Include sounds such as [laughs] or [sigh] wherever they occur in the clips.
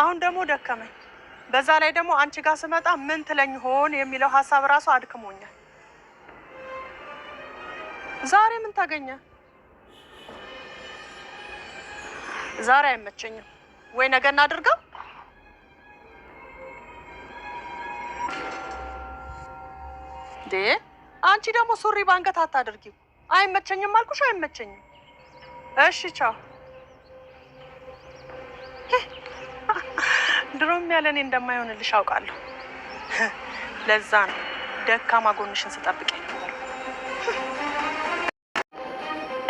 አሁን ደግሞ ደከመኝ። በዛ ላይ ደግሞ አንቺ ጋር ስመጣ ምን ትለኝ ሆን የሚለው ሀሳብ ራሱ አድክሞኛል። ዛሬ ምን ታገኘ? ዛሬ አይመቸኝም ወይ ነገ እናድርገው። አንቺ ደግሞ ሱሪ ባንገት አታድርጊው። አይመቸኝም አልኩሽ አይመቸኝም። እሺ ቻው። ድሮም ያለ እኔ እንደማይሆንልሽ አውቃለሁ። [laughs] ለዛ ነው ደካማ ጎንሽን ስጠብቅ።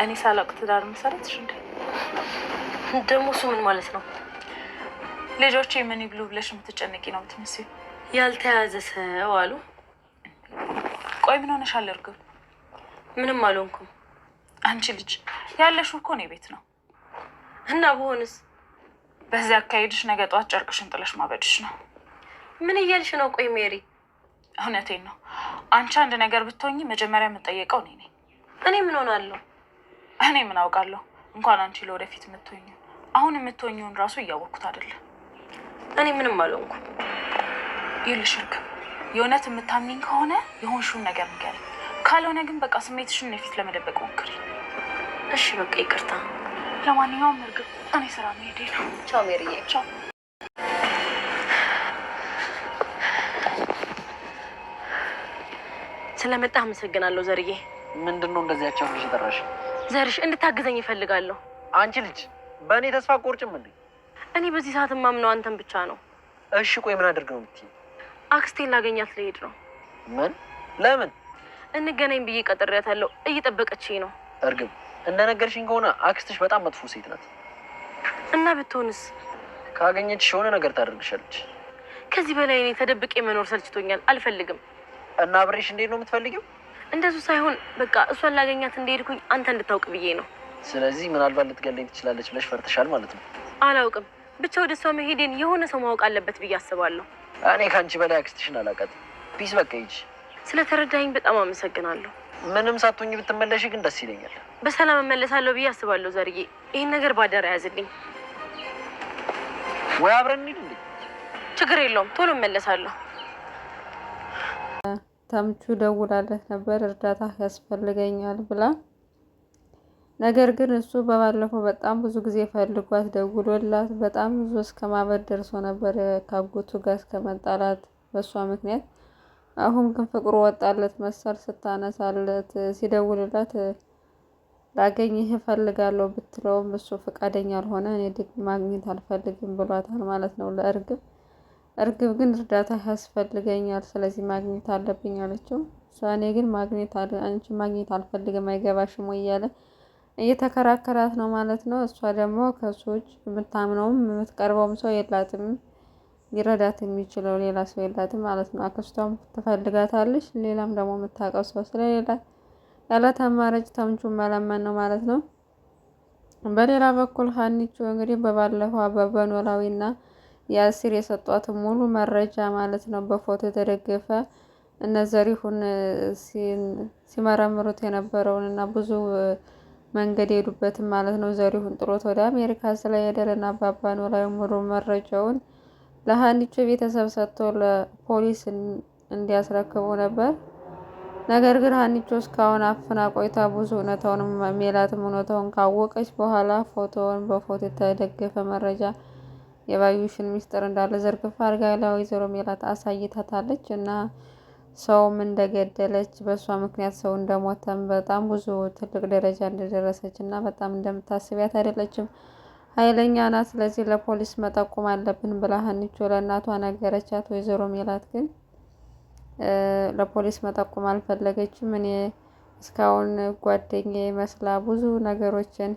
እኔ ሳላውቅ ትዳር መሰረትሽ እንደ ደግሞ እሱ ምን ማለት ነው? ልጆቼ ምን ይብሉ ብለሽ የምትጨነቂ ነው የምትመስይው። ያልተያዘ ሰው አሉ። ቆይ ምን ሆነሽ አልርግም? ምንም አልሆንኩም። አንቺ ልጅ ያለሽው እኮ እኔ ቤት ነው እና በሆንስ በዚህ አካሄድሽ ነገ ጠዋት ጨርቅሽን ጥለሽ ማበድሽ ነው። ምን እያልሽ ነው? ቆይ ሜሪ፣ እውነቴን ነው። አንቺ አንድ ነገር ብትሆኚ መጀመሪያ የምጠየቀው እኔ ነኝ። እኔ ምን ሆናለሁ? እኔ ምን አውቃለሁ? እንኳን አንቺ ለወደፊት የምትሆኚ አሁን የምትሆኚውን ራሱ እያወቅኩት አይደለም። እኔ ምንም አልሆንኩ። ይኸውልሽ እርግብ፣ የእውነት የምታምኚኝ ከሆነ የሆንሽውን ነገር ንገሪኝ፣ ካልሆነ ግን በቃ ስሜትሽን እኔ ለመደበቅ ሞክሪ። እሺ በቃ ይቅርታ። ለማንኛውም እርግብ እኔ ስራ መሄዴ ነው። ቻው ሜሪዬ። ቻው ስለመጣ አመሰግናለሁ ዘርዬ። ምንድን ነው እንደዚህ ያቻሉ የጠራሽ? ዘርሽ እንድታግዘኝ ይፈልጋለሁ። አንቺ ልጅ በእኔ ተስፋ ቆርጭም እንዴ? እኔ በዚህ ሰዓት ማምነው አንተን ብቻ ነው። እሺ ቆይ ምን አድርግ ነው የምትይኝ? አክስቴን ላገኛት ልሄድ ነው። ምን? ለምን? እንገናኝ ብዬ ቀጥሬያታለሁ። እየጠበቀችኝ ነው። እርግብ እንደነገርሽኝ ከሆነ አክስትሽ በጣም መጥፎ ሴት ናት። እና ብትሆንስ? ካገኘችሽ የሆነ ነገር ታደርግሻለች። ከዚህ በላይ እኔ ተደብቄ መኖር ሰልችቶኛል፣ አልፈልግም። እና አብሬሽ እንዴት ነው የምትፈልጊው? እንደሱ ሳይሆን በቃ እሷን ላገኛት እንደሄድኩኝ አንተ እንድታውቅ ብዬ ነው። ስለዚህ ምናልባት ልትገለኝ ትችላለች ብለሽ ፈርተሻል ማለት ነው? አላውቅም፣ ብቻ ወደ እሷ መሄዴን የሆነ ሰው ማወቅ አለበት ብዬ አስባለሁ። እኔ ከአንቺ በላይ አክስትሽን አላውቃትም። ፒስ፣ በቃ ሂጂ። ስለተረዳኸኝ በጣም አመሰግናለሁ። ምንም ሳትሆኝ ብትመለሽ ግን ደስ ይለኛል። በሰላም እመለሳለሁ ብዬ አስባለሁ። ዘርዬ፣ ይህን ነገር ባደራ ያዝልኝ። ወይ አብረን እንሂድ እንዴ? ችግር የለውም ቶሎ እመለሳለሁ። ተምቹ ደውላለት ነበር እርዳታ ያስፈልገኛል ብላ። ነገር ግን እሱ በባለፈው በጣም ብዙ ጊዜ ፈልጓት ደውሎላት በጣም ብዙ እስከ ማበድ ደርሶ ነበር ካጎቱ ጋር እስከመጣላት በእሷ ምክንያት። አሁን ግን ፍቅሩ ወጣለት መሰል ስታነሳለት ሲደውልላት ላገኝህ እፈልጋለሁ ብትለውም እሱ ፈቃደኛ አልሆነ። እኔ ድግ ማግኘት አልፈልግም ብሏታል ማለት ነው ለእርግብ። እርግብ ግን እርዳታ ያስፈልገኛል፣ ስለዚህ ማግኘት አለብኝ አለችው። እሷ እኔ ግን ማግኘት አንቺ ማግኘት አልፈልግም አይገባሽም ወይ እያለ እየተከራከራት ነው ማለት ነው። እሷ ደግሞ ከሱ ውጭ የምታምነውም የምትቀርበውም ሰው የላትም፣ ሊረዳት የሚችለው ሌላ ሰው የላትም ማለት ነው። አክስቷም ትፈልጋታለች፣ ሌላም ደግሞ የምታውቀው ሰው ስለሌላት ያላት አማራጭ ተምቹን መለመን ነው ማለት ነው። በሌላ በኩል ሀኒቹ እንግዲህ በባለፈው አበበ ኖላዊና የአሲር የሰጧትን ሙሉ መረጃ ማለት ነው በፎቶ የተደገፈ እነ ዘሪሁን ሲመረምሩት የነበረውን እና ብዙ መንገድ የሄዱበትን ማለት ነው። ዘሪሁን ጥሎት ወደ አሜሪካ ስለሄደ እና አባባ ኖላዊ ሙሉ መረጃውን ለሀኒቾ ቤተሰብ ሰጥቶ ለፖሊስ እንዲያስረክቡ ነበር። ነገር ግን ሀኒቾ እስካሁን አፍና ቆይታ ብዙ እውነታውን ሜላትም እውነታውን ካወቀች በኋላ ፎቶውን በፎቶ የተደገፈ መረጃ የባዩሽን ሚስጥር እንዳለ ዘርግፋ አድርጋ ለወይዘሮ ሜላት አሳይታታለች እና ሰውም እንደገደለች በእሷ ምክንያት ሰው እንደሞተም በጣም ብዙ ትልቅ ደረጃ እንደደረሰች እና በጣም እንደምታስቢያት አይደለችም። ኃይለኛ ናት። ስለዚህ ለፖሊስ መጠቆም አለብን ብላ ሀኒቾ ለእናቷ ነገረቻት። ወይዘሮ ሜላት ግን ለፖሊስ መጠቆም አልፈለገችም። እኔ እስካሁን ጓደኝ መስላ ብዙ ነገሮችን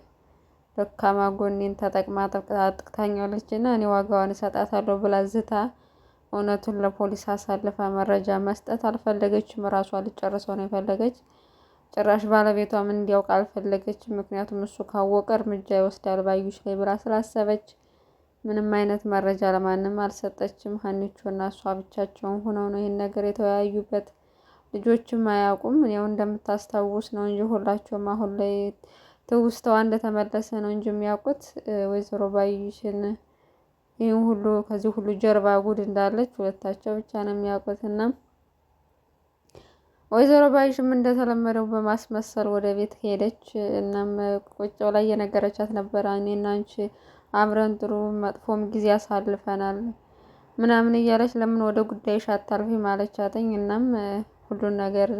ደካማ ጎኔን ተጠቅማ ጥቅታኛለች እና እኔ ዋጋዋን እሰጣታለሁ ብላ ዝታ እውነቱን ለፖሊስ አሳልፋ መረጃ መስጠት አልፈለገችም። ራሷ ልጨርሰው ነው የፈለገች። ጭራሽ ባለቤቷም እንዲያውቅ አልፈለገችም። ምክንያቱም እሱ ካወቀ እርምጃ ይወስዳል ባዩሽ ላይ ብላ ስላሰበች ምንም አይነት መረጃ ለማንም አልሰጠችም። ሀኒቾ እና እሷ ብቻቸውን ሆነው ነው ይህን ነገር የተወያዩበት። ልጆችም አያውቁም። ያው እንደምታስታውስ ነው እንጂ ሁላቸውም አሁን ላይ ትውስተዋ እንደተመለሰ ነው እንጂ የሚያውቁት ወይዘሮ ባዩሽን ይህን ሁሉ ከዚህ ሁሉ ጀርባ ጉድ እንዳለች ሁለታቸው ብቻ ነው የሚያውቁት እና ወይዘሮ ባይሽም እንደተለመደው በማስመሰል ወደ ቤት ሄደች። እናም ቁጭ ላይ እየነገረቻት ነበረ እኔና አንቺ አብረን ጥሩ መጥፎም ጊዜ አሳልፈናል ምናምን እያለች ለምን ወደ ጉዳይሽ አታልፊ ማለቻትኝ። እናም ሁሉን ነገር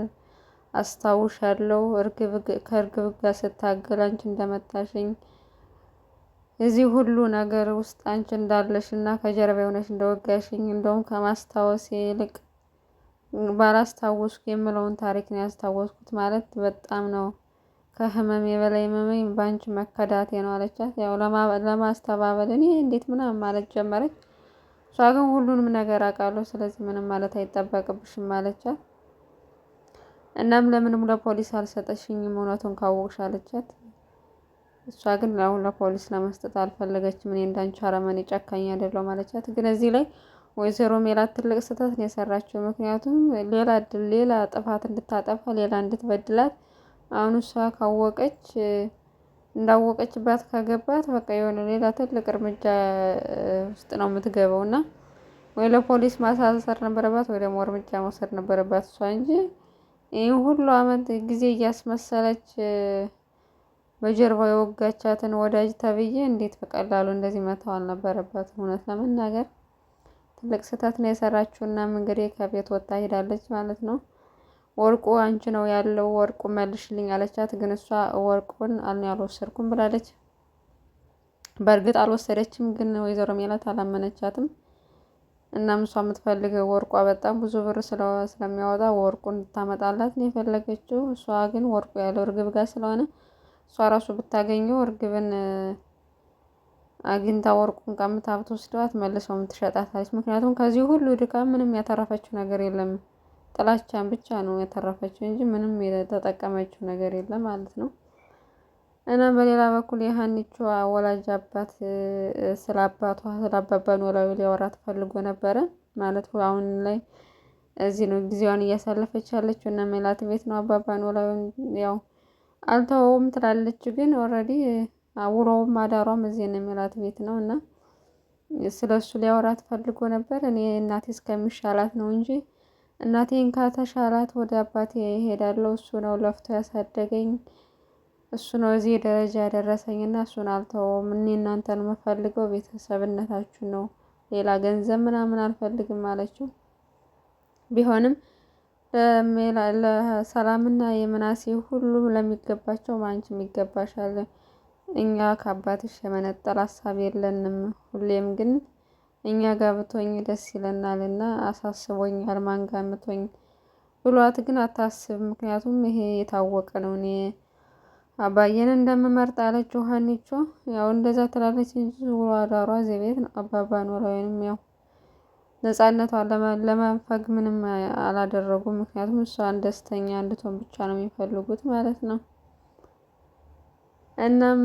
አስታውሻለሁ። እርግብ ከእርግብ ጋር ስታገል አንቺ እንደመታሽኝ እዚህ ሁሉ ነገር ውስጥ አንቺ እንዳለሽ እና ከጀርባ የሆነሽ እንደወጋሽኝ እንደውም ከማስታወስ ይልቅ ባላስታወስኩ የምለውን ታሪክ ነው ያስታወስኩት። ማለት በጣም ነው ከህመም የበላይ ህመሜን ባንች መከዳቴ ነው አለቻት። ያው ለማስተባበል እኔ እንዴት ምናምን ማለት ጀመረች። እሷ ግን ሁሉንም ነገር አውቃለሁ፣ ስለዚህ ምንም ማለት አይጠበቅብሽም አለቻት። እናም ለምንም ለፖሊስ አልሰጠሽኝም እውነቱን ካወቅሽ አለቻት። እሷ ግን አሁን ለፖሊስ ለመስጠት አልፈለገችም። እኔ እንዳንቺ አረመኔ ጨካኝ አይደለሁም አለቻት። ግን እዚህ ላይ ወይዘሮ ሜላት ትልቅ ስህተት ነው የሰራችው። ምክንያቱም ሌላ ሌላ ጥፋት እንድታጠፋ ሌላ እንድትበድላት አሁን እሷ ካወቀች እንዳወቀችባት ከገባት በቃ የሆነ ሌላ ትልቅ እርምጃ ውስጥ ነው የምትገባው እና ወይ ለፖሊስ ማሳሰር ነበረባት ወይ ደግሞ እርምጃ መውሰድ ነበረባት እሷ እንጂ ይህ ሁሉ አመት ጊዜ እያስመሰለች በጀርባ የወጋቻትን ወዳጅ ተብዬ እንዴት በቀላሉ እንደዚህ መተው አልነበረባትም። እውነት ለመናገር ትልቅ ስህተት ነው የሰራችው። እናም እንግዲህ ከቤት ወጣ ሄዳለች ማለት ነው። ወርቁ አንቺ ነው ያለው ወርቁ መልሽልኝ አለቻት። ግን እሷ ወርቁን አልወሰድኩም ብላለች። በእርግጥ አልወሰደችም፣ ግን ወይዘሮ ሜላት አላመነቻትም። እናም እሷ የምትፈልገው ወርቋ በጣም ብዙ ብር ስለሚያወጣ ወርቁን እንድታመጣላት ነው የፈለገችው። እሷ ግን ወርቁ ያለው እርግብ ጋር ስለሆነ እሷ ራሱ ብታገኘው እርግብን አግኝታ ወርቁን ቀምታ ብትወስደዋት መልሰው የምትሸጣታለች። ምክንያቱም ከዚህ ሁሉ ድካም ምንም ያተረፈችው ነገር የለም። ጥላቻን ብቻ ነው የተረፈችው እንጂ ምንም የተጠቀመችው ነገር የለም ማለት ነው። እና በሌላ በኩል የሀኒቹ ወላጅ አባት ስለ አባቷ ስለ አባባ ኖላዊ ሊያወራት ፈልጎ ነበረ ማለት አሁን ላይ እዚህ ነው ጊዜዋን እያሳለፈች ያለችው እና ሜላት ቤት ነው። አባባ ኖላዊን ያው አልተወውም ትላለች፣ ግን ኦልሬዲ ውሎውም አዳሯም እዚህ ነው ሜላት ቤት ነው እና ስለሱ ሊያወራት ፈልጎ ነበር። እኔ እናቴ እስከሚሻላት ነው እንጂ እናቴን ካተሻላት ወደ አባቴ እሄዳለሁ። እሱ ነው ለፍቶ ያሳደገኝ፣ እሱ ነው እዚህ ደረጃ ያደረሰኝና እሱን አልተወውም። እኔ እናንተን የምፈልገው ቤተሰብነታችሁ ነው፣ ሌላ ገንዘብ ምናምን አልፈልግም አለችው። ቢሆንም ለሰላምና የምናሴ ሁሉም ለሚገባቸው አንቺም ይገባሻል። እኛ ከአባትሽ የመነጠል ሀሳብ የለንም። ሁሌም ግን እኛ ጋር ብትሆኝ ደስ ይለናል እና አሳስቦኛል ማን ጋር ምትሆኝ ብሏት ግን አታስብ፣ ምክንያቱም ይሄ የታወቀ ነው እኔ አባዬን እንደምመርጥ አለች። ውሀኒቾ። ያው እንደዛ ትላለች እንጂ ዙሮ አዳሯ እዚህ ቤት ነው። አባባ ኖላዊንም ያው ነጻነቷን ለመንፈግ ምንም አላደረጉም። ምክንያቱም እሷን ደስተኛ እንድትሆን ብቻ ነው የሚፈልጉት ማለት ነው። እናም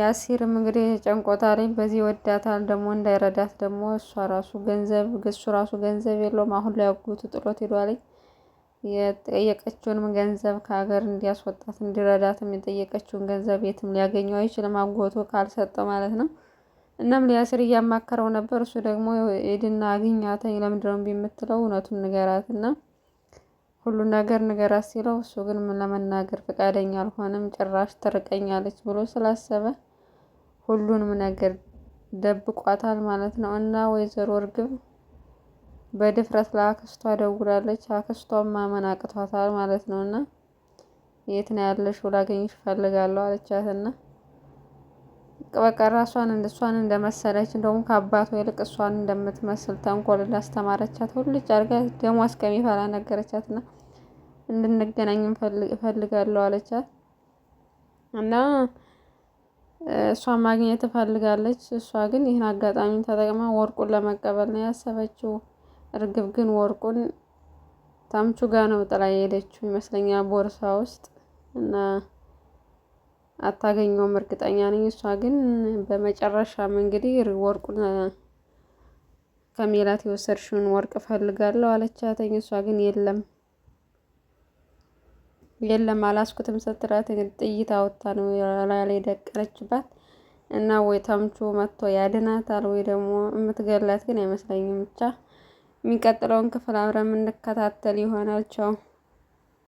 ያሲርም እንግዲህ ጨንቆታለኝ በዚህ ወዳታል ደግሞ እንዳይረዳት ደግሞ እሷ ራሱ ገንዘብ እሱ ራሱ ገንዘብ የለውም። አሁን ላይ አጎቱ ጥሎት ሄዷለኝ። የጠየቀችውንም ገንዘብ ከሀገር እንዲያስወጣት እንዲረዳትም የጠየቀችውን ገንዘብ የትም ሊያገኘው አይችልም አጎቱ ካልሰጠ ማለት ነው። እናም ሊያስር እያማከረው ነበር። እሱ ደግሞ ኤድና አግኛተኝ ለምንድነው የምትለው እውነቱን ንገራትና ሁሉ ነገር ንገራት ሲለው እሱ ግን ለመናገር ፈቃደኛ አልሆነም። ጭራሽ ትርቀኛለች ብሎ ስላሰበ ሁሉንም ነገር ደብቋታል ማለት ነው። እና ወይዘሮ እርግብ በድፍረት ለአክስቷ ደውላለች። አክስቷም ማመን አቅቷታል ማለት ነው። እና የት ነው ያለሽው? ላገኝሽ እፈልጋለሁ አለቻት። እና በቃ ራሷን እሷን እንደመሰለች እንደውም ከአባቷ ይልቅ እሷን እንደምትመስል ተንኮል እንዳስተማረቻት ሁልጭ አድርጋ ደሟ እስከሚፈላ ነገረቻት ና እንድንገናኝ እፈልጋለሁ አለቻት እና እሷ ማግኘት ትፈልጋለች። እሷ ግን ይህን አጋጣሚ ተጠቅማ ወርቁን ለመቀበል ነው ያሰበችው። እርግብ ግን ወርቁን ታምቹ ጋ ነው ጥላ የሄደችው ይመስለኛል ቦርሳ ውስጥ እና አታገኘውም፣ እርግጠኛ ነኝ። እሷ ግን በመጨረሻም እንግዲህ ወርቁን ከሜላት የወሰድሽውን ወርቅ እፈልጋለሁ አለቻተኝ። እሷ ግን የለም የለም አላስኩትም ስትላት ጥይት አወጣ ነው ላይ ደቀረችባት እና ወይ ተምቹ መጥቶ ያድናታል ወይ ደግሞ የምትገላት ግን አይመስለኝም። ብቻ የሚቀጥለውን ክፍል አብረን የምንከታተል ይሆናል። ቻው